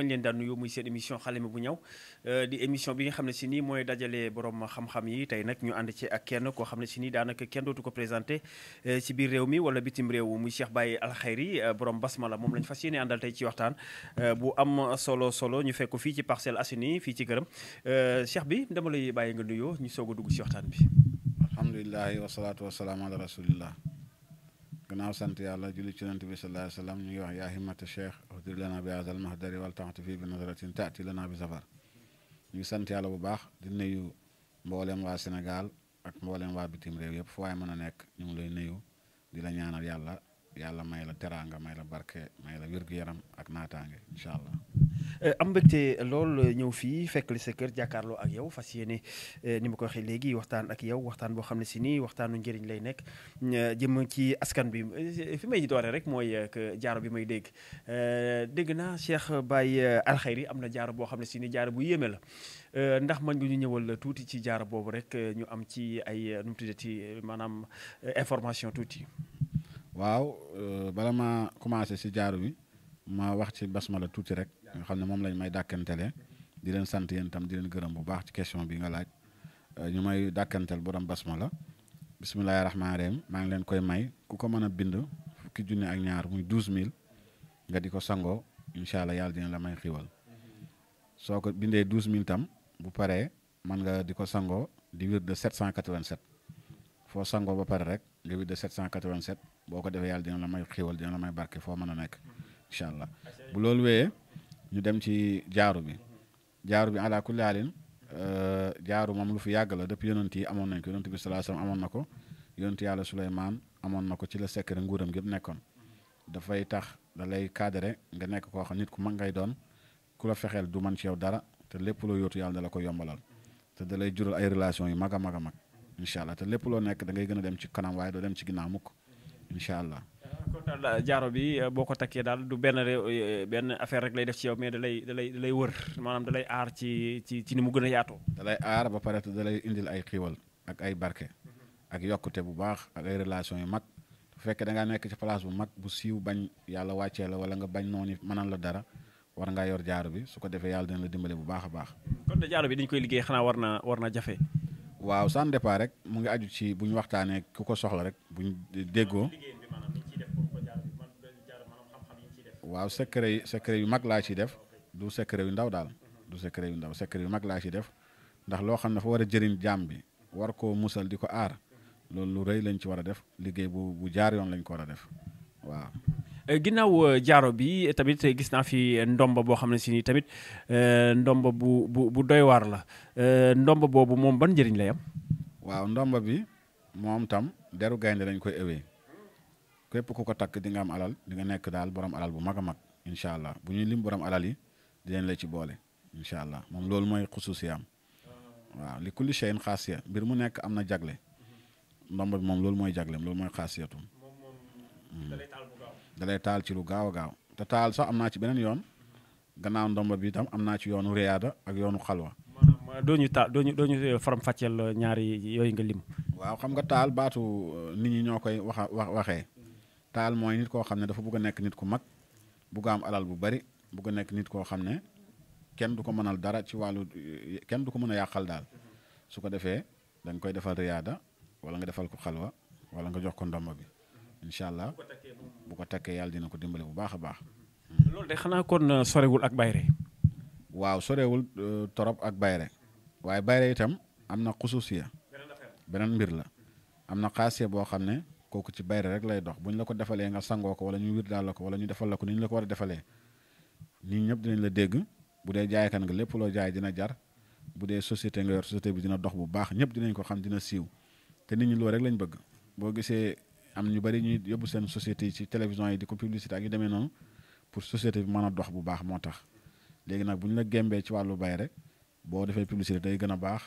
fañ leen daan nuyoo muy seen émission xale mi bu ñaw euh, di émission bi nga xam ne si nii mooy dajale borom xam-xam yi tey nag ñu ànd ci ak kenn koo xam ne si nii daanaka kenn dootu ko présenté si euh, biir réew mi wala bitim réew muy bàyyi Baye Alkhayri euh, borom basmala moom lañ fas yéene àndal tey ci waxtaan bu am solo solo ñu fekk fii ci Parcelles Assainies fii ci këram Cheikh bi dama lay bàyyi nga nuyoo ñu soog a dugg si waxtaan bi. alhamdulilah wasalaatu wasalaam ala rasulillah gannaaw sant yàlla julli ci yonent bi sallallahu alayhi wa ñu ngi wax yaa himmata cheikh uxdir lana bi haazal mahdari wal taxtu fii bi nazratin taati lana bi safar ñu ngi sant yàlla bu baax di nuyu mboolem waa Sénégal ak mboolem waa bitim réew yëpp fu waaye mën a nekk ñu ngi lay nuyu di la ñaanal yàlla yàlla may la teraanga may la barke may la wér-gu-yaram ak naataange incha allah Euh, am mbégte lool ñëw fii fekk li sa kër jàkkaarloo ak yow fas yéene euh, ni ma ko waxee léegi waxtaan ak yow waxtaan boo xam ne si nii waxtaanu njëriñ lay nekk euh, jëm ci askan bi fi may doore rek mooy jaaro bi may dégg dégg naa Cheikh bàyyi Alxayri am na jaaro boo xam ne si nii jaaro bu yéeme la ndax man nga ñu ñëwal tuuti ci jaaro boobu rek ñu am ci ay nu mu tuddati maanaam information tuuti. waaw bala ma commencé si jaaro bi ma wax ci la tuuti rek. nga xam ne moom lañ may dàkkantele di leen sant yéen tam di leen gërëm bu baax ci question bi nga laaj euh, ñu may dàkkantel borom la bisimilahi rahmaani rahim maa ngi leen koy may ku ko mën a bind ki junne ak ñaar muy douze mille nga di ko sangoo incha allah yàlla dina la may xiwal soo ko bindee douze mille tam bu paree man nga di ko sangoo di wir de 787 foo sangoo ba pare rek nga wir de 787 boo ko defee yàlla dina la may xiwal dina la may barke foo mën a nekk incha allah bu loolu wéyee ñu dem ci jaaru bi jaaru bi ala kulli haalin euh, jaaru moom lu fi yàgg la depuis yonent yi amoon nañ ko yonent bi sallallahu amoon na ko yonent yàlla Suleymaan amoon na ko ci la secret nguuram gépp nekkoon dafay tax da lay cadré nga nekk koo xam nit ku mag ngay doon ku la fexeel du man ci yow dara te lépp loo yootu yàlla da la ko yombalal te da lay jural ay relation yu mag a mag a mag incha allah te lépp loo nekk da ngay gën a dem ci kanam waaye doo dem ci ginnaaw mukk incha allah kon jaaro bi eh, boo ko takkee daal du benn eh, benn affaire rek lay def ci yow mais da lay lay lay wër maanaam da lay aar ci ci ci ni mu gën a yaatoo. da aar ba pare da lay indil ay xiiwal ak ay barke. ak yokkute bu baax ak ay relation yu mag. bu fekkee da ngaa nekk ci place bu mag bu siiw bañ yàlla wàccee la wala nga bañ noonu mënal la dara. war ngaa yor jaaro bi su ko defee yàlla dina la dimbale bu baax a baax. kon de jaaro bi dañ koy liggéey xanaa war naa war naa jafe. waaw sans départ rek mu ngi aju ci bu ñu waxtaanee ku ko soxla rek bu ñu déggoo. waaw secret yi secret yu mag laa ciy def du secret yu ndaw daal du secret yu ndaw secret yu mag laa ciy def ndax loo xam ne fa war a jëriñ jaam bi war ko musal di ko aar loolu lu rëy lañ ci war a def liggéey bu bu jaar yoon lañ ko war a def waaw. Eh, ginnaaw euh, jaaro bi tamit eh, gis naa fi eh, ndomba boo xam ne si nii tamit ndomba bu bu doy waar la ndomba boobu moom ban njëriñ lay am. waaw ndomba bi moom tam deru gaynde lañ koy ewee képp ku ko takk di nga am alal di nga nekk daal borom alal bu mag a mag incha allah bu ñuy lim borom alal yi di leen la ci boole incha allah moom loolu mooy xusuusiyaam waaw li kulli shay'in xaasiya mbir mu nekk am na jagle ndomb bi moom loolu mooy jagleem loolu mooy xaasiyatum hmm. da lay taal ci lu gaaw a gaaw te taal sax am naa ci beneen yoon gannaaw ndomba bi itam am naa ci yoonu riyaada ak yoonu xalwa maanaam euh, doo ñu taal doo ñu doo ñu euh, faram fàcceel euh, ñaari yooyu nga lim. waaw xam nga taal baatu nit ñi taal mooy nit koo xam ne dafa bugg a nekk nit ku mag bugg a am alal bu bari bugg a nekk nit koo xam ne kenn du ko mënal dara ci wàllu kenn du ko mën a yàqal daal su ko defee da koy defal riyaada wala nga defal ko xalwa wala nga jox ko ndomba bi incha allah bu ko takkee yàlla dina ko dimbale bu baax a baax. loolu de xanaa kon euh, sorewul ak bayre waaw sorewul euh, torop ak bayre waaye bayre itam am na xususiya beneen mbir la am na xaasiya boo xam ne kooku ci bayre rek lay dox bu ñu la ko defalee nga sangoo ko wala ñu wir daal la ko wala ñu defal la ko ni ñu la ko war a defalee ñëpp dinañ la dégg bu dee jaaykan nga lépp loo jaay dina jar bu dee société nga yor société bi dina dox bu baax ñëpp dinañ ko xam dina siiw te nit ñi loolu rek lañ bëgg boo gisee am ñu bari ñuy yóbbu seen société yi ci télévision yi di ko publicité ak demee noonu pour société bi mën a dox bu baax moo tax léegi nag bu ñu la gémbee ci wàllu bay rek boo defee publicité day gën a baax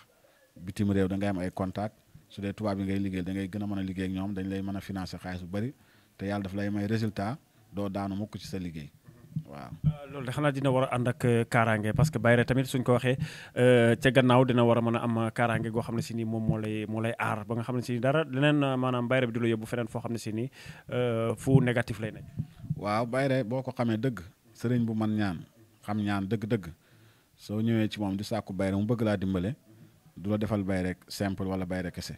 bitim réew da am ay contact su dee tubaab yi ngay liggéey da ngay gën a mën a liggéey ak ñoom dañ lay mën a financer xaalis bu bëri te yàlla daf lay may résultat doo daanu mukk ci sa liggéey waaw. Euh, loolu de xanaa dina war a ànd ak euh, kaaraange parce que Bayre tamit suñ ko waxee euh, ca gannaaw dina war a mën a am kaaraange goo xam ne si nii moom moo lay moo lay aar ba nga xam ne si dara leneen maanaam Bayre bi du la yóbbu feneen foo xam ne si nii fu négatif lay nekk. waaw Bayre boo ko xamee dëgg sëriñ bu man ñaan xam ñaan dëgg-dëgg soo ñëwee ci moom di sàkku Bayre mu bëgg laa dimbale. du la defal bayre simple wala bayre kese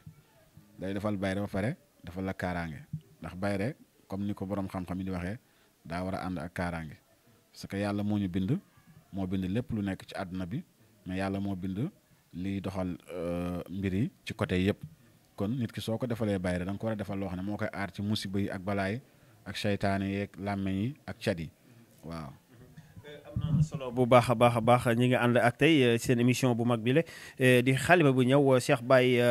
day defal bayre ba pare defal la kaaraange ndax bayre comme ni ko borom xam-xam yi di waxee daa war a ànd ak kaaraange parce que yàlla moo ñu bind moo bind lépp lu nekk ci àdduna bi mais yàlla moo bind liy doxal euh, mbir yi ci côté yëpp kon nit ki soo ko defalee bayre da nga ko war a defal loo xam ne moo koy aar ci musiba yi ak balaay ak seytaane yeeg làmmeñ yi ak cat yi solo bu baax a baax a baax ñi ngi ànd ak tey eh, seen émission bu mag bi le eh, di xalima bu ñëw eh, Cheikh Baye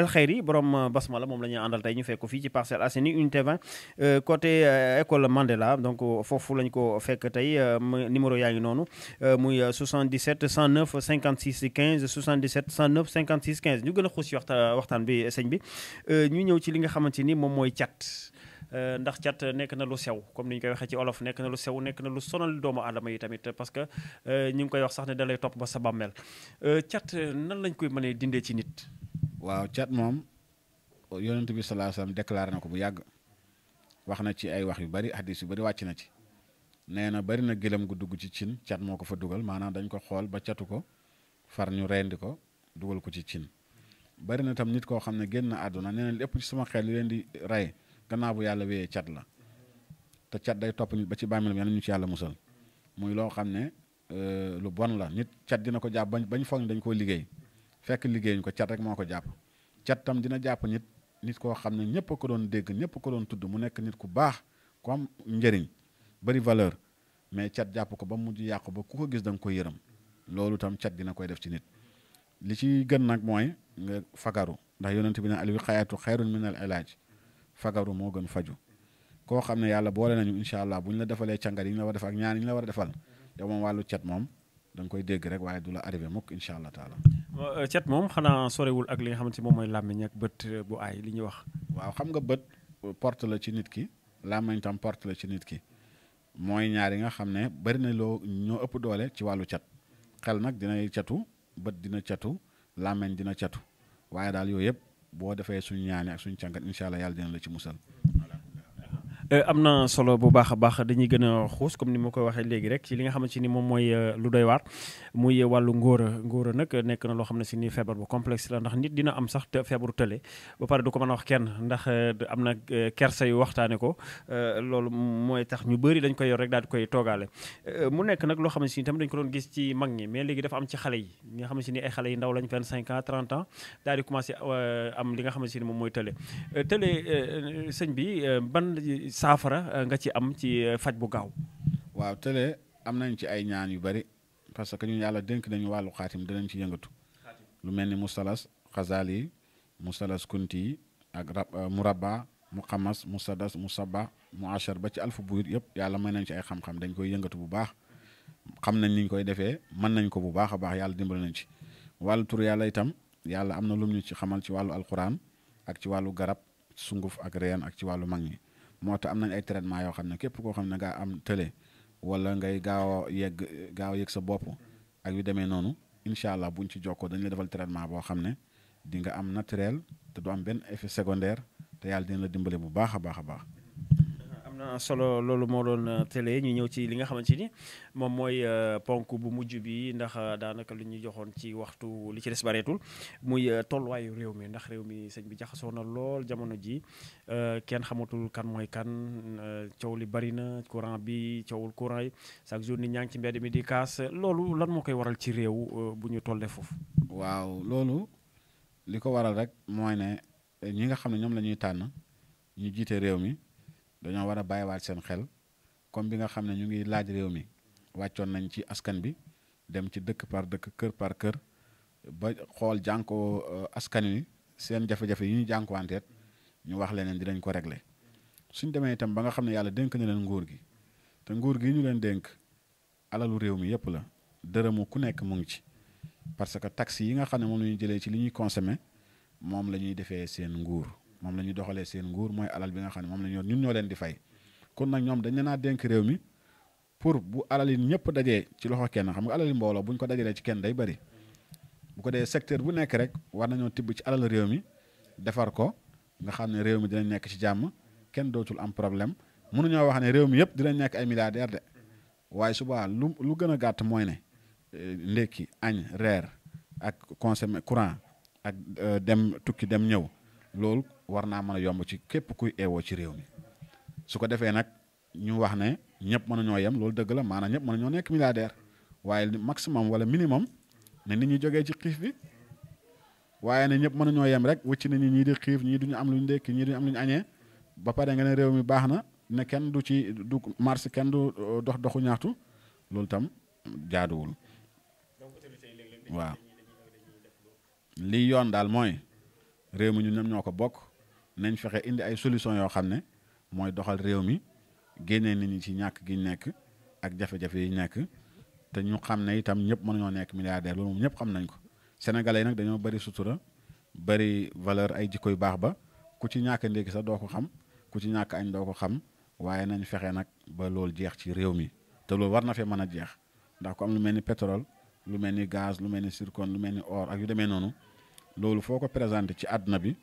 Alkhayri borom basmala moom la ñuy àndal tey ñu fekk ko fii ci Parcelles Assainies unité 20 côté école Mandela donc foofu lañ ko fekk tey numéro yaa ngi noonu muy 77 109 56 15 77 109 56 15 ñu gën a xuus ci waxtaan bi sëñ bi ñu ñëw ci li nga xamante ni moom mooy cat. Euh, ndax cat euh, nekk na lu sew comme ni ñu koy waxee ci olof nekk na lu sew nekk na lu sonal doomu aadama yi tamit parce que euh, ñu ngi koy wax sax ne da topp ba sa bàmmeel cat nan lañ koy mënee dindee ci nit. waaw cat moom yonent bi sallallahu alayhi na ko bu yàgg wax na ci ay wax yu bari hadis yu bari wàcc na ci. nee na bari na gëlëm gu dugg ci cin cat moo ko fa dugal maanaam dañ ko xool ba catu ko far ñu reyandi ko dugal ko ci cin bari na tam nit koo xam ne génn àdduna nee na lépp ci sama xel leen di rey gannaaw bu yàlla wéyee cat la te cat day topp nit ba ci bàmmeelam yàlla ñu ci yàlla musal muy loo xam ne euh, lu bon la nit cat dina ko jàpp bañ bañ foog dañ koo liggéey fekk liggéeyuñ ko cat rek moo ko jàpp cat tam dina jàpp nit nit koo xam ne ñëpp ko doon dégg ñëpp ko doon tudd mu nekk nit ku baax comme am njëriñ bari valeur mais cat jàpp ko ba mujj yàqu ba ku ko gis da nga koy yërëm loolu tam cat dina koy def ci nit li ci gën nag mooy nga fagaru ndax yonent bi ne al xayaatu xayrun min al ilaaj fagaru moo gën faju koo xam ne yàlla boole nañu incha allah bu ñu la defalee càngat yi ñu la war a ak ñaan yi ñu la war a defal yow moom wàllu cet moom da koy dégg rek waaye du la arrivé mukk incha allah taala. Euh, cet moom xanaa sorewul ak li nga xamante moom mooy làmmiñ ak bët euh, bu aay li ñuy wax. waaw xam nga bët euh, porte la ci nit ki làmmiñ tam porte la ci nit ki mooy ñaar yi nga xam ne bari na loo ñoo ëpp doole ci wàllu cet xel nag dinay catu bët dina catu làmmiñ dina catu waaye daal yooyu yëpp. boo defee suñu ñaani ak suñu càngat incha allah yàlla dina la ci musal Euh, am na solo bu baax baax dañuy gën xuus comme ni ma koy waxee léegi rek ci li nga xamante euh, nekk na loo xam ne si ni feebar bu complexe la nit dina am sax te feebaru tële ba pare ko mën a wax kenn ndax euh, am na kersa yu waxtaane ko loolu mooy tax ñu bëri dañ koy yor rek daal di koy toogaale mu nekk nag loo xam ne si ni dañ ko doon gis ci mag mais léegi dafa am ci xale yi ñi nga xam ne ay xale yi ndaw lañ 25 ans 30 ans daal di commencé am li nga xam ne moom mooy tële tële sëñ bi ban saafara euh, nga ci am ci euh, faj bu gaaw. waaw télé am nañ ci ay ñaan yu bari parce que ñun yàlla dénk nañu wàllu xaatim dinañ ci yëngatu. lu mel ni musalas xazaal yi musalas kunti yi ak rab euh, murabba mu xamas mu sadas mu saba mu achar ba ci alfu buyut yëpp yàlla may nañ ci ay xam-xam dañ koy yëngatu bu baax xam nañ niñ koy defee mën nañ ko bu baax a baax yàlla dimbal nañ ci wàllu tur yàlla itam yàlla am na lum ñu ci xamal ci wàllu alxuraan ak ci wàllu garab sunguf ak reen ak ci wàllu mag ñi moo tax am nañ ay traitement yoo xam ne képp koo xam ne ngaa am tële wala ngay gaaw a yegg gaaw a sa bopp ak yu demee noonu incha allah buñ ci jokkoo dañu la defal traitement boo xam ne di nga am naturel te du am benn effet secondaire te yàlla dina la dimbale bu baax a baax a baax. am solo loolu moo doon euh, télé ñu ñëw ci li nga xamante ni moom mooy euh, ponk bu mujj bi ndax euh, daanaka lu ñu joxoon ci waxtu li ci des bareetul muy tolluwaayu réew mi ndax réew mi sëñ bi jaxasoo na lool jamono ji kenn xamatul kan mooy kan coow li bari na courant bi coowul courant yi chaque jour ni ñaa ngi ci mbedd mi di kaas loolu lan moo koy waral ci réew bu ñu tollee foofu. waaw loolu li ko waral rek mooy ne ñi nga xam ne ñoom la ñuy tànn ñu jiite réew mi. dañoo war a bàyyiwaat seen xel comme bi nga xam ne ñu ngi laaj réew mi wàccoon nañ ci askan bi dem ci dëkk par dëkk kër par kër ba xool jànkoo euh, askan yi seen jafe-jafe yi ñu jànkuwanteet ñu wax leneen dinañ ko régler suñ demee itam ba nga xam ne yàlla dénk na leen nguur gi te nguur gi ñu leen dénk alalu réew mi yëpp la dërëmu ku nekk mu ngi ci parce que taxes yi nga xam ne moom la ñuy jëlee ci li ñuy consommer moom la ñuy defee seen nguur moom la ñuy doxalee seen nguur mooy alal bi nga xam ne moom la ñu ñun ñoo leen di fay kon nag ñoom dañ naa denk réew mi pour bu alal yi ñëpp dajee ci loxo kenn xam nga alal yi mbooloo buñ ko dajalee ci kenn day bëri bu ko dee secteur bu nekk rek war nañoo tibb ci alal réew mi defar ko nga xam ne réew mi dinañ nekk ci jàmm kenn dootul am problème mënuñoo wax ne réew mi yëpp dinañ nekk ay milliardaire de waaye suba lu lu gën a gàtt mooy ne eh, ndékki añ reer ak consommé courant ak euh, dem tukki dem ñëw war naa mën a yomb ci képp kuy ewoo ci réew mi su ko defee nag ñu wax ne ñëpp mën ñoo yem loolu dëgg la maanaam ñëpp mën ñoo nekk milliardaire waaye maximum wala minimum ne nit ñi jogee ci xiif bi waaye ne ñëpp mën ñoo yem rek wëcc nit ñi ñii di xiif ñii duñu am lu ñu ndékki ñii duñu am lu ñu añee ba pare nga ne réew mi baax na ne kenn du ci du marché kenn du euh, dox doxu ñaxtu loolu tam jaaduwul waaw lii yoon daal mooy réew mi ñu ñoom ñoo ko bokk nañ fexe indi ay solution yoo xam ne mooy doxal réew mi génnee nit ñi ci ñàkk gi nekk ak jafe-jafe yi nekk te ñu xam ne itam ñëpp mënuñoo nekk milliardaire loolu moom ñëpp xam nañ ko sénégalais yi nag dañoo bëri sutura bëri valeur ay jikko yu baax ba ku ci ñàkk ndékki sax doo ko xam ku ci ñàkk añ doo ko xam waaye nañ fexe nag ba loolu jeex ci réew mi te loolu war na fee mën a jeex ndax ko am lu mel ni pétrole lu mel ni gaz lu mel ni zircon lu mel ni or ak yu demee noonu loolu foo ko présenté ci àdduna bi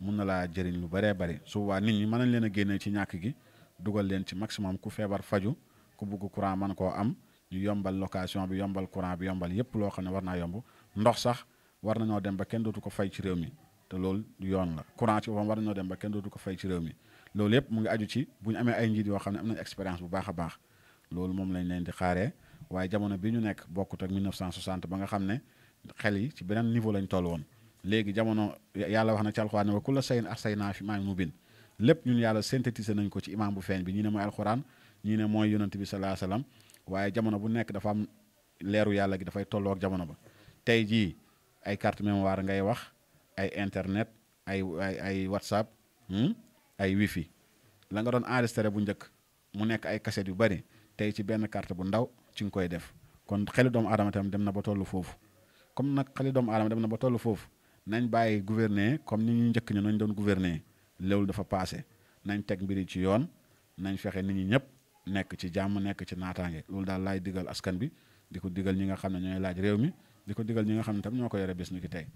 mun na laa jëriñ lu bëree bëri su boobaa nit ñi mën nañ leen a génne ci ñàkk gi dugal leen ci maximum ku feebar faju ku bugg courant mën koo am ñu yombal location bi yombal courant bi yombal yépp loo xam ne war naa yomb ndox sax war nañoo dem ba kenn dootu ko fay ci réew mi te loolu yoon la courant ci boppam war nañoo dem ba kenn dootu ko fay ci réew mi loolu yépp mu ngi aju ci bu amee ay njiit yoo xam ne am nañ expérience bu baax a baax loolu moom lañ leen di xaaree waaye jamono bi ñu nekk bokkut ak 1960 ba nga xam ne xel yi ci beneen niveau lañ toll woon léegi jamono yàlla wax na ci alxuraan ne wa kulla shay'in ahsaynaa fi imaam mubin lépp ñun yàlla synthétiser nañ ko ci imaam bu feeñ bi ñii ne mooy alxuraan ñii ne mooy yonent bi salaa salaam waaye jamono bu nekk dafa leeru yàlla gi dafay tolloog jamono ba tey jii ay carte mémoire ngay wax ay internet ay ay ay whatsapp hmm, ay wifi la nga doon enregistré bu njëkk mu nekk ay cassette yu bari tey ci benn carte bu ndaw ci nga koy def kon xeli doomu aadama tam dem na ba tollu foofu comme nag xeli doomu aadama dem na ba tollu foofu nañ bàyyi gouverner comme ni ñu njëkk ñu nañ doon gouverner loolu dafa passé nañ teg mbiri ci yoon nañ fexe nit ñi ñëpp nekk ci jàmm nekk ci naataange loolu daal laay digal askan bi di ko digal ñi nga xam ne ñooy laaj réew mi di ko digal ñi nga xam ne tam ñoo ko yore bis ni ki tey.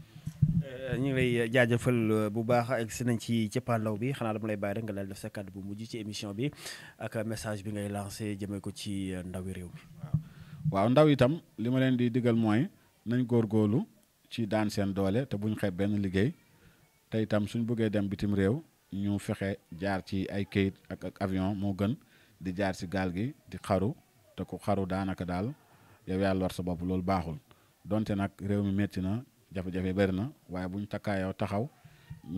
Euh, ñu ngi lay jaajëfal euh, bu baax ak si nañ ci cëppaandaw bi xanaa dama lay bàyyi rek nga daal def sa kàddu bu mujj ci émission bi ak message bi ngay lancé jëmee ko ci euh, ndawi réew mi. waaw ndaw itam li ma leen di digal mooy nañ góorgóorlu. ci daan seen doole te buñ xeeb benn liggéey te itam suñ bëggee dem bitim réew ñu fexe jaar ci ay kayit ak ak avion moo gën di jaar ci gaal gi di xaru te ku xaru daanaka daal yow yaa lor sa bopp loolu baaxul donte nag réew mi métti na jafe-jafe bëri na waaye buñ takkaayoo taxaw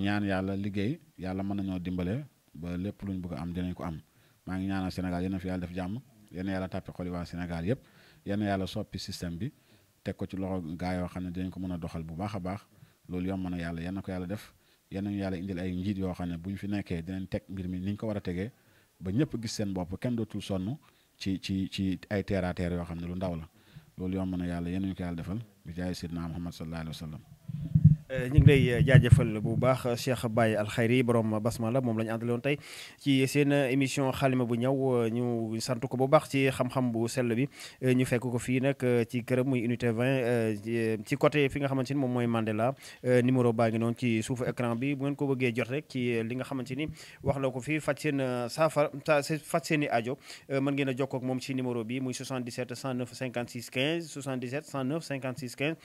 ñaan yàlla liggéey yàlla mën nañoo dimbale ba lépp luñ bugg am dinañ ko am maa ngi ñaanal Sénégal yéen a fi yàlla def jàmm yéen yàlla tàppe xoli waa Sénégal yëpp yenn yàlla soppi système bi. teg ko ci loxo gaa yoo xam ne dañ ko mën a doxal bu baax a baax loolu yomb na yàlla yal na ko yàlla def yenn nañu yàlla indil ay njiit yoo xam ne bu ñu fi nekkee dinañ teg mbir mi ni ko war a tegee ba ñëpp gis seen bopp kenn dootul sonn ci ci ci ay terre yoo xam ne lu ndaw la loolu yomb na yàlla yal ñu ko yàlla defal bi jaay sidna Muhammad sallallahu alayhi wa sallam Euh, ñu ngi lay euh, jaajëfal bu baax euh, Cheikh Baye Alkhayri borom la moom la ñu àndaloon tey ci seen émission xaalima bu ñaw ñu sant ko bu baax ci xam-xam bu sell bi ñu fekk ko fii nag ci këram muy unité 20 ci côté fi nga xamante ni moom mooy Mandela numéro baa ngi noonu ci suufu écran bi bu ngeen ko bëggee jot rek ci li nga xamante ni wax la ko fii faj seen saafara faj seen i aajo mën ngeen a jokkoo ak moom ci numéro bi muy 77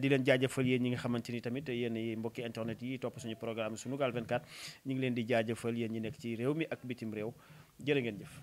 di leen jaajëfal yéen ñi nga xamante ni tamit. te yéen yi mbokki internet yi topp suñu programme Sunugal 24 ñu ngi leen di jaajëfal yéen ñi nekk ci réew mi ak bitim réew jërë ngeen jëf